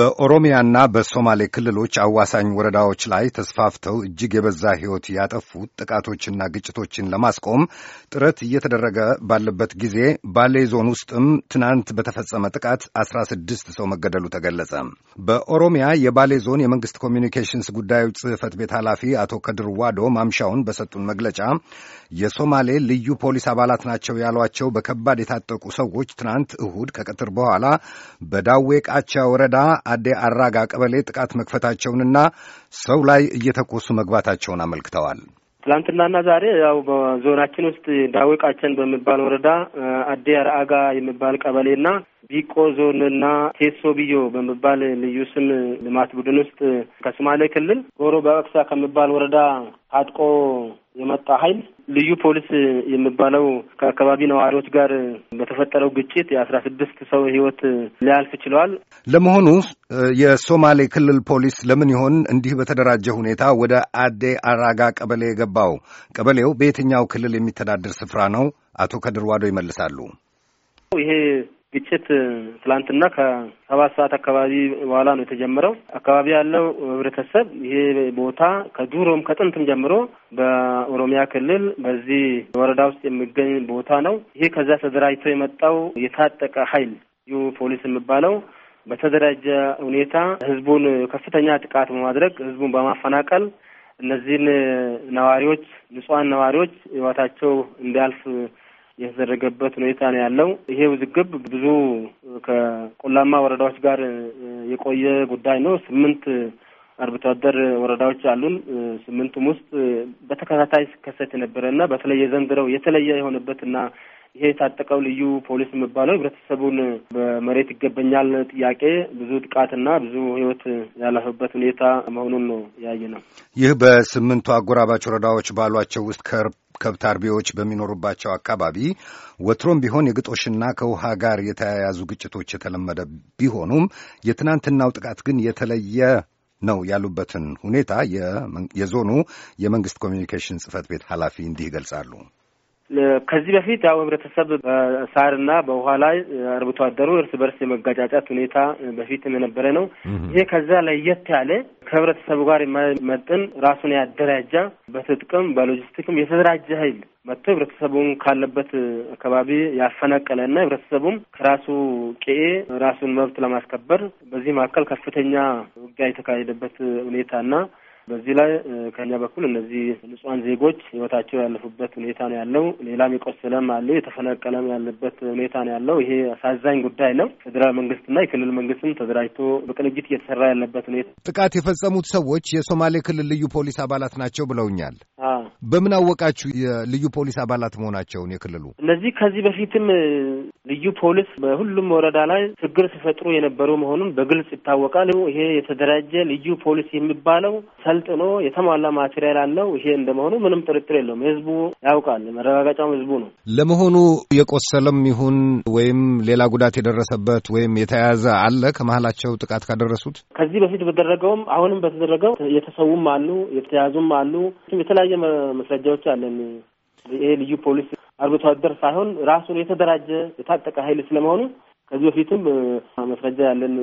በኦሮሚያና በሶማሌ ክልሎች አዋሳኝ ወረዳዎች ላይ ተስፋፍተው እጅግ የበዛ ሕይወት ያጠፉ ጥቃቶችና ግጭቶችን ለማስቆም ጥረት እየተደረገ ባለበት ጊዜ ባሌ ዞን ውስጥም ትናንት በተፈጸመ ጥቃት አስራ ስድስት ሰው መገደሉ ተገለጸ። በኦሮሚያ የባሌ ዞን የመንግስት ኮሚኒኬሽንስ ጉዳዮች ጽህፈት ቤት ኃላፊ አቶ ከድር ዋዶ ማምሻውን በሰጡን መግለጫ የሶማሌ ልዩ ፖሊስ አባላት ናቸው ያሏቸው በከባድ የታጠቁ ሰዎች ትናንት እሁድ ከቀትር በኋላ በዳዌ ቃቻ ወረዳ አዴ አራጋ ቀበሌ ጥቃት መክፈታቸውንና ሰው ላይ እየተኮሱ መግባታቸውን አመልክተዋል። ትላንትናና ዛሬ ያው በዞናችን ውስጥ ዳዊቃችን በሚባል ወረዳ አዴ አርአጋ የሚባል ቀበሌና ቢቆ ዞንና ቴሶ ብዮ በሚባል ልዩ ስም ልማት ቡድን ውስጥ ከሶማሌ ክልል ጎሮ በአቅሳ ከሚባል ወረዳ ታጥቆ የመጣ ኃይል ልዩ ፖሊስ የሚባለው ከአካባቢ ነዋሪዎች ጋር በተፈጠረው ግጭት የአስራ ስድስት ሰው ህይወት ሊያልፍ ችለዋል። ለመሆኑ የሶማሌ ክልል ፖሊስ ለምን ይሆን እንዲህ በተደራጀ ሁኔታ ወደ አዴ አራጋ ቀበሌ የገባው? ቀበሌው በየትኛው ክልል የሚተዳደር ስፍራ ነው? አቶ ከድርዋዶ ዋዶ ይመልሳሉ። ይሄ ግጭት ትላንትና ከሰባት ሰዓት አካባቢ በኋላ ነው የተጀመረው። አካባቢ ያለው ህብረተሰብ ይሄ ቦታ ከዱሮም ከጥንትም ጀምሮ በኦሮሚያ ክልል በዚህ ወረዳ ውስጥ የሚገኝ ቦታ ነው። ይሄ ከዛ ተደራጅቶ የመጣው የታጠቀ ኃይል ዩ ፖሊስ የሚባለው በተደራጀ ሁኔታ ህዝቡን ከፍተኛ ጥቃት በማድረግ ህዝቡን በማፈናቀል እነዚህን ነዋሪዎች ንጹሀን ነዋሪዎች ህይወታቸው እንዲያልፍ የተደረገበት ሁኔታ ነው ያለው። ይሄ ውዝግብ ብዙ ከቆላማ ወረዳዎች ጋር የቆየ ጉዳይ ነው። ስምንት አርብቶ አደር ወረዳዎች አሉን። ስምንቱም ውስጥ በተከታታይ ሲከሰት የነበረ እና በተለየ ዘንድረው የተለየ የሆነበት እና ይሄ የታጠቀው ልዩ ፖሊስ የሚባለው ህብረተሰቡን በመሬት ይገበኛል ጥያቄ ብዙ ጥቃትና ብዙ ህይወት ያለፈበት ሁኔታ መሆኑን ነው ያየ ነው። ይህ በስምንቱ አጎራባች ወረዳዎች ባሏቸው ውስጥ ከብት አርቢዎች በሚኖሩባቸው አካባቢ ወትሮም ቢሆን የግጦሽና ከውሃ ጋር የተያያዙ ግጭቶች የተለመደ ቢሆኑም የትናንትናው ጥቃት ግን የተለየ ነው ያሉበትን ሁኔታ የዞኑ የመንግስት ኮሚኒኬሽን ጽህፈት ቤት ኃላፊ እንዲህ ይገልጻሉ። ከዚህ በፊት ያው ህብረተሰብ በሳርና በውሃ ላይ አርብቶ አደሩ እርስ በርስ የመጋጫጫት ሁኔታ በፊትም የነበረ ነው። ይሄ ከዛ ለየት ያለ ከህብረተሰቡ ጋር የማይመጥን ራሱን ያደራጃ በትጥቅም በሎጂስቲክም የተደራጀ ኃይል መጥቶ ህብረተሰቡን ካለበት አካባቢ ያፈናቀለ እና ህብረተሰቡም ከራሱ ቄኤ ራሱን መብት ለማስከበር በዚህ መካከል ከፍተኛ ውጊያ የተካሄደበት ሁኔታና በዚህ ላይ ከኛ በኩል እነዚህ ንጹሐን ዜጎች ህይወታቸው ያለፉበት ሁኔታ ነው ያለው። ሌላም የቆሰለም አለ፣ የተፈናቀለም ያለበት ሁኔታ ነው ያለው። ይሄ አሳዛኝ ጉዳይ ነው። ፌዴራል መንግስትና የክልል መንግስትም ተደራጅቶ በቅንጅት እየተሰራ ያለበት ሁኔታ። ጥቃት የፈጸሙት ሰዎች የሶማሌ ክልል ልዩ ፖሊስ አባላት ናቸው ብለውኛል። በምን አወቃችሁ የልዩ ፖሊስ አባላት መሆናቸውን የክልሉ? እነዚህ ከዚህ በፊትም ልዩ ፖሊስ በሁሉም ወረዳ ላይ ችግር ሲፈጥሩ የነበሩ መሆኑን በግልጽ ይታወቃል። ይሄ የተደራጀ ልዩ ፖሊስ የሚባለው ሰልጥኖ የተሟላ ማቴሪያል አለው። ይሄ እንደመሆኑ ምንም ጥርጥር የለውም። ህዝቡ ያውቃል፣ መረጋጋጫውም ህዝቡ ነው። ለመሆኑ የቆሰለም ይሁን ወይም ሌላ ጉዳት የደረሰበት ወይም የተያዘ አለ ከመሀላቸው ጥቃት ካደረሱት? ከዚህ በፊት በደረገውም አሁንም በተደረገው የተሰውም አሉ፣ የተያዙም አሉ የተለያየ መስረጃዎች አለን። ይሄ ልዩ ፖሊስ አርብቶ አደር ሳይሆን ራሱን የተደራጀ የታጠቀ ኃይል ስለመሆኑ ከዚህ በፊትም መስረጃ ያለን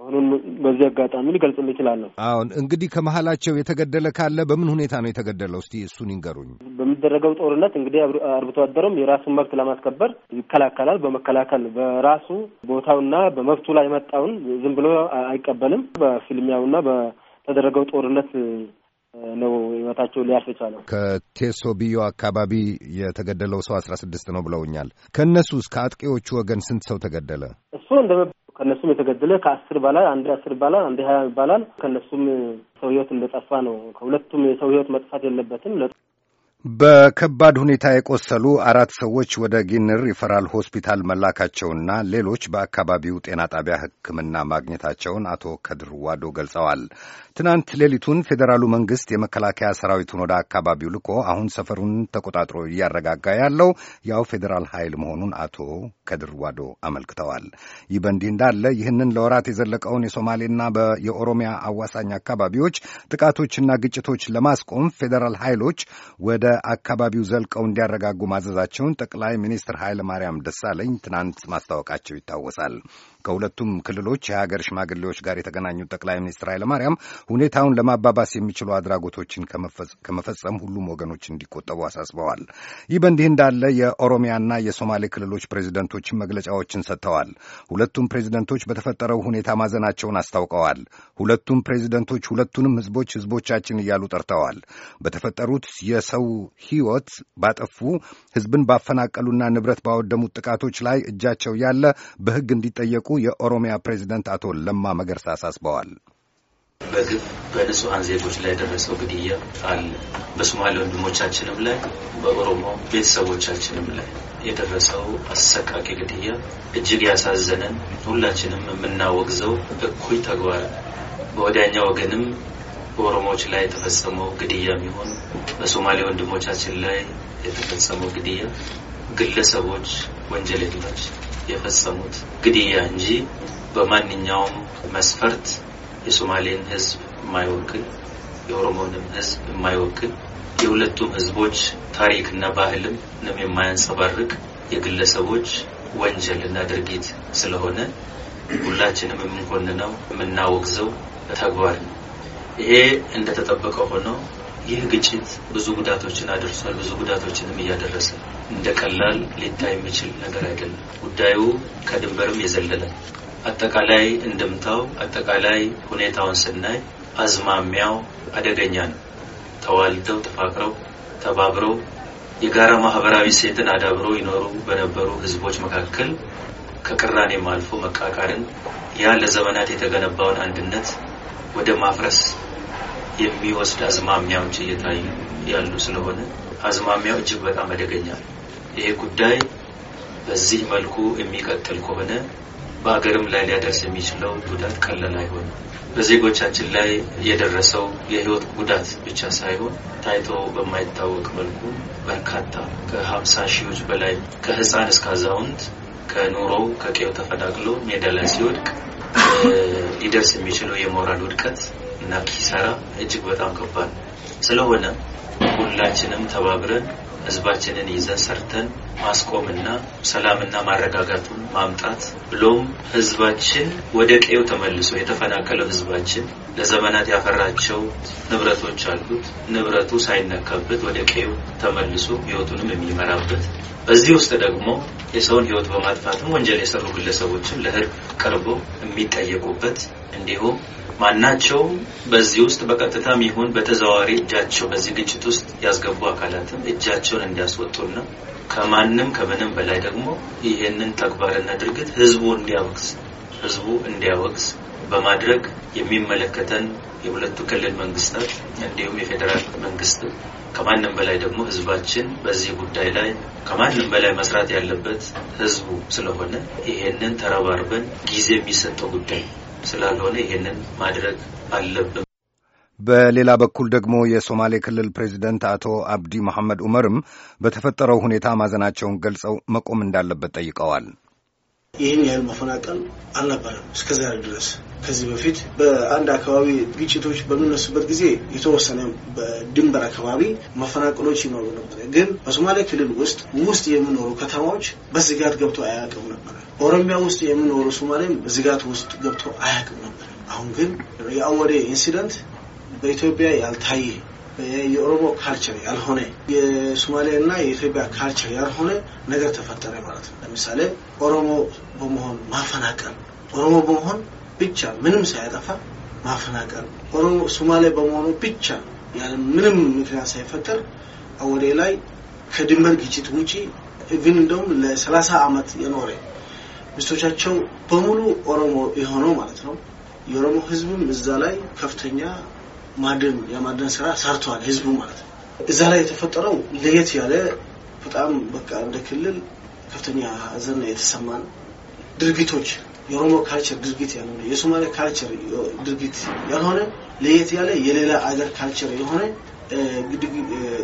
መሆኑን በዚህ አጋጣሚ ሊገልጽልህ እችላለሁ። አሁን እንግዲህ ከመሀላቸው የተገደለ ካለ በምን ሁኔታ ነው የተገደለው? እስቲ እሱን ይንገሩኝ። በሚደረገው ጦርነት እንግዲህ አርብቶ አደሩም የራሱን መብት ለማስከበር ይከላከላል። በመከላከል በራሱ ቦታውና በመብቱ ላይ መጣውን ዝም ብሎ አይቀበልም። በፊልሚያውና በተደረገው ጦርነት ነው ህይወታቸው ሊያልፍ የቻለው። ከቴሶ ብዮ አካባቢ የተገደለው ሰው አስራ ስድስት ነው ብለውኛል። ከእነሱ እስከ አጥቂዎቹ ወገን ስንት ሰው ተገደለ? እሱ እንደ ከእነሱም የተገደለ ከአስር ይባላል አንድ አስር ይባላል አንድ ሀያ ይባላል። ከእነሱም ሰው ህይወት እንደጠፋ ነው። ከሁለቱም የሰው ህይወት መጥፋት የለበትም። በከባድ ሁኔታ የቆሰሉ አራት ሰዎች ወደ ጊንር ሪፈራል ሆስፒታል መላካቸውና ሌሎች በአካባቢው ጤና ጣቢያ ሕክምና ማግኘታቸውን አቶ ከድር ዋዶ ገልጸዋል። ትናንት ሌሊቱን ፌዴራሉ መንግስት የመከላከያ ሰራዊቱን ወደ አካባቢው ልኮ አሁን ሰፈሩን ተቆጣጥሮ እያረጋጋ ያለው ያው ፌዴራል ኃይል መሆኑን አቶ ከድር ዋዶ አመልክተዋል። ይህ በእንዲህ እንዳለ ይህንን ለወራት የዘለቀውን የሶማሌና የኦሮሚያ አዋሳኝ አካባቢዎች ጥቃቶችና ግጭቶች ለማስቆም ፌዴራል ኃይሎች ወደ አካባቢው ዘልቀው እንዲያረጋጉ ማዘዛቸውን ጠቅላይ ሚኒስትር ኃይለ ማርያም ደሳለኝ ትናንት ማስታወቃቸው ይታወሳል። ከሁለቱም ክልሎች የሀገር ሽማግሌዎች ጋር የተገናኙት ጠቅላይ ሚኒስትር ኃይለ ማርያም ሁኔታውን ለማባባስ የሚችሉ አድራጎቶችን ከመፈጸም ሁሉም ወገኖች እንዲቆጠቡ አሳስበዋል። ይህ በእንዲህ እንዳለ የኦሮሚያና የሶማሌ ክልሎች ፕሬዚደንቶችን መግለጫዎችን ሰጥተዋል። ሁለቱም ፕሬዚደንቶች በተፈጠረው ሁኔታ ማዘናቸውን አስታውቀዋል። ሁለቱም ፕሬዚደንቶች ሁለቱንም ህዝቦች ህዝቦቻችን እያሉ ጠርተዋል። በተፈጠሩት የሰው ሕይወት ባጠፉ ሕዝብን ባፈናቀሉና ንብረት ባወደሙት ጥቃቶች ላይ እጃቸው ያለ በሕግ እንዲጠየቁ የኦሮሚያ ፕሬዚደንት አቶ ለማ መገርሳ አሳስበዋል። በግፍ በንጹሐን ዜጎች ላይ የደረሰው ግድያ አለ። በሶማሌ ወንድሞቻችንም ላይ በኦሮሞ ቤተሰቦቻችንም ላይ የደረሰው አሰቃቂ ግድያ እጅግ ያሳዘነን፣ ሁላችንም የምናወግዘው እኩይ ተግባር በወዳኛ ወገንም በኦሮሞዎች ላይ የተፈጸመው ግድያ የሚሆን በሶማሌ ወንድሞቻችን ላይ የተፈጸመው ግድያ ግለሰቦች ወንጀለኞች የፈጸሙት ግድያ እንጂ በማንኛውም መስፈርት የሶማሌን ሕዝብ የማይወክል የኦሮሞንም ሕዝብ የማይወክል የሁለቱም ሕዝቦች ታሪክና ባህልም የማያንጸባርቅ የግለሰቦች ወንጀልና ድርጊት ስለሆነ ሁላችንም የምንኮንነው የምናወግዘው ተግባር ነው። ይሄ እንደተጠበቀ ሆኖ ይህ ግጭት ብዙ ጉዳቶችን አድርሷል። ብዙ ጉዳቶችንም እያደረሰ እንደ ቀላል ሊታይ የሚችል ነገር አይደለም። ጉዳዩ ከድንበርም የዘለለ አጠቃላይ እንድምታው፣ አጠቃላይ ሁኔታውን ስናይ አዝማሚያው አደገኛ ነው። ተዋልደው ተፋቅረው ተባብረው የጋራ ማህበራዊ ሴትን አዳብረው ይኖሩ በነበሩ ህዝቦች መካከል ከቅራኔም አልፎ መቃቃርን ያ ለዘመናት የተገነባውን አንድነት ወደ ማፍረስ የሚወስድ አዝማሚያዎች እየታዩ ያሉ ስለሆነ አዝማሚያው እጅግ በጣም አደገኛ ነው። ይሄ ጉዳይ በዚህ መልኩ የሚቀጥል ከሆነ በሀገርም ላይ ሊያደርስ የሚችለው ጉዳት ቀለል አይሆን በዜጎቻችን ላይ የደረሰው የህይወት ጉዳት ብቻ ሳይሆን ታይቶ በማይታወቅ መልኩ በርካታ ከሀምሳ ሺዎች በላይ ከህፃን እስከ አዛውንት ከኑሮው ከቄው ተፈናቅሎ ሜዳ ላይ ሲወድቅ ሊደርስ የሚችለው የሞራል ውድቀት እና ኪሳራ እጅግ በጣም ከባድ ስለሆነ ሁላችንም ተባብረን ህዝባችንን ይዘን ሰርተን ማስቆምና ሰላምና ማረጋጋቱን ማምጣት ብሎም ህዝባችን ወደ ቀዬው ተመልሶ የተፈናቀለው ህዝባችን ለዘመናት ያፈራቸው ንብረቶች አሉት። ንብረቱ ሳይነካበት ወደ ቀዬው ተመልሶ ህይወቱንም የሚመራበት በዚህ ውስጥ ደግሞ የሰውን ህይወት በማጥፋትም ወንጀል የሰሩ ግለሰቦችም ለህግ ቀርበው የሚጠየቁበት እንዲሁም ማናቸው በዚህ ውስጥ በቀጥታም ይሁን በተዘዋዋሪ እጃቸው በዚህ ግጭት ውስጥ ያስገቡ አካላትም እጃቸውን እንዲያስወጡና ከማንም ከምንም በላይ ደግሞ ይህንን ተግባርና ድርጊት ህዝቡ እንዲያወግዝ ህዝቡ እንዲያወግዝ በማድረግ የሚመለከተን የሁለቱ ክልል መንግስታት እንዲሁም የፌዴራል መንግስት ከማንም በላይ ደግሞ ህዝባችን በዚህ ጉዳይ ላይ ከማንም በላይ መስራት ያለበት ህዝቡ ስለሆነ ይሄንን ተረባርበን ጊዜ የሚሰጠው ጉዳይ ስላልሆነ ይሄንን ማድረግ አለብን። በሌላ በኩል ደግሞ የሶማሌ ክልል ፕሬዚደንት አቶ አብዲ መሐመድ ዑመርም በተፈጠረው ሁኔታ ማዘናቸውን ገልጸው መቆም እንዳለበት ጠይቀዋል። ይህን ያህል መፈናቀል አልነበረም እስከዛሬ ድረስ ከዚህ በፊት በአንድ አካባቢ ግጭቶች በሚነሱበት ጊዜ የተወሰነ በድንበር አካባቢ መፈናቀሎች ይኖሩ ነበር። ግን በሶማሌ ክልል ውስጥ ውስጥ የሚኖሩ ከተማዎች በስጋት ገብቶ አያውቅም ነበር። በኦሮሚያ ውስጥ የሚኖሩ ሶማሌም በስጋት ውስጥ ገብቶ አያውቅም ነበር። አሁን ግን የአወዴ ኢንሲደንት በኢትዮጵያ ያልታየ የኦሮሞ ካልቸር ያልሆነ እና የኢትዮጵያ ካልቸር ያልሆነ ነገር ተፈጠረ ማለት ነው። ለምሳሌ ኦሮሞ በመሆን ማፈናቀል፣ ኦሮሞ በመሆን ብቻ ምንም ሳያጠፋ ማፈናቀል ኦሮሞ ሶማሌ በመሆኑ ብቻ ያለ ምንም ምክንያት ሳይፈጠር አወዴ ላይ ከድንበር ግጭት ውጪ ኢቭን እንደውም ለሰላሳ አመት የኖረ ሚስቶቻቸው በሙሉ ኦሮሞ የሆነው ማለት ነው። የኦሮሞ ህዝብም እዛ ላይ ከፍተኛ ማድን የማድን ስራ ሰርተዋል። ህዝቡ ማለት ነው። እዛ ላይ የተፈጠረው ለየት ያለ በጣም በቃ እንደ ክልል ከፍተኛ ሀዘን የተሰማን ድርጊቶች የኦሮሞ ካልቸር ድርጊት ያልሆነ የሶማሌ ካልቸር ድርጊት ያልሆነ ለየት ያለ የሌላ አገር ካልቸር የሆነ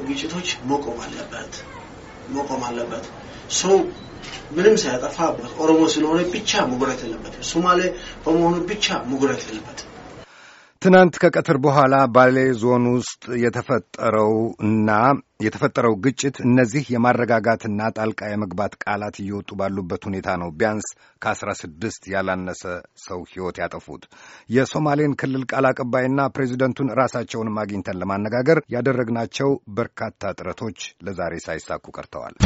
ግጭቶች መቆም አለበት መቆም አለበት። ሰው ምንም ሳያጠፋበት ኦሮሞ ስለሆነ ብቻ ምጉረት የለበትም። ሶማሌ በመሆኑ ብቻ ምጉረት የለበትም። ትናንት ከቀትር በኋላ ባሌ ዞን ውስጥ የተፈጠረው እና የተፈጠረው ግጭት እነዚህ የማረጋጋትና ጣልቃ የመግባት ቃላት እየወጡ ባሉበት ሁኔታ ነው ቢያንስ ከአስራ ስድስት ያላነሰ ሰው ሕይወት ያጠፉት። የሶማሌን ክልል ቃል አቀባይና ፕሬዚደንቱን ራሳቸውንም አግኝተን ለማነጋገር ያደረግናቸው በርካታ ጥረቶች ለዛሬ ሳይሳኩ ቀርተዋል።